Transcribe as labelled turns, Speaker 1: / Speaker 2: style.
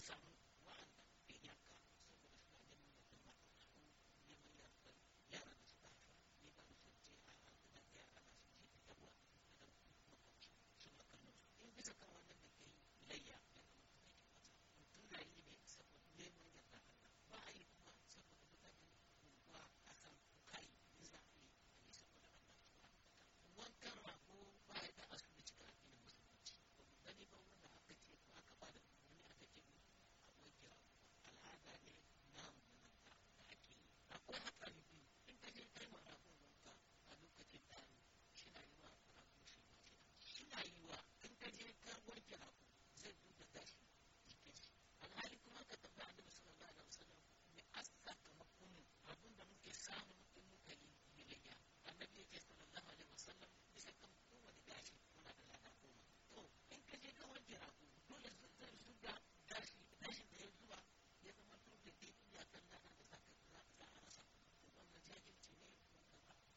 Speaker 1: something.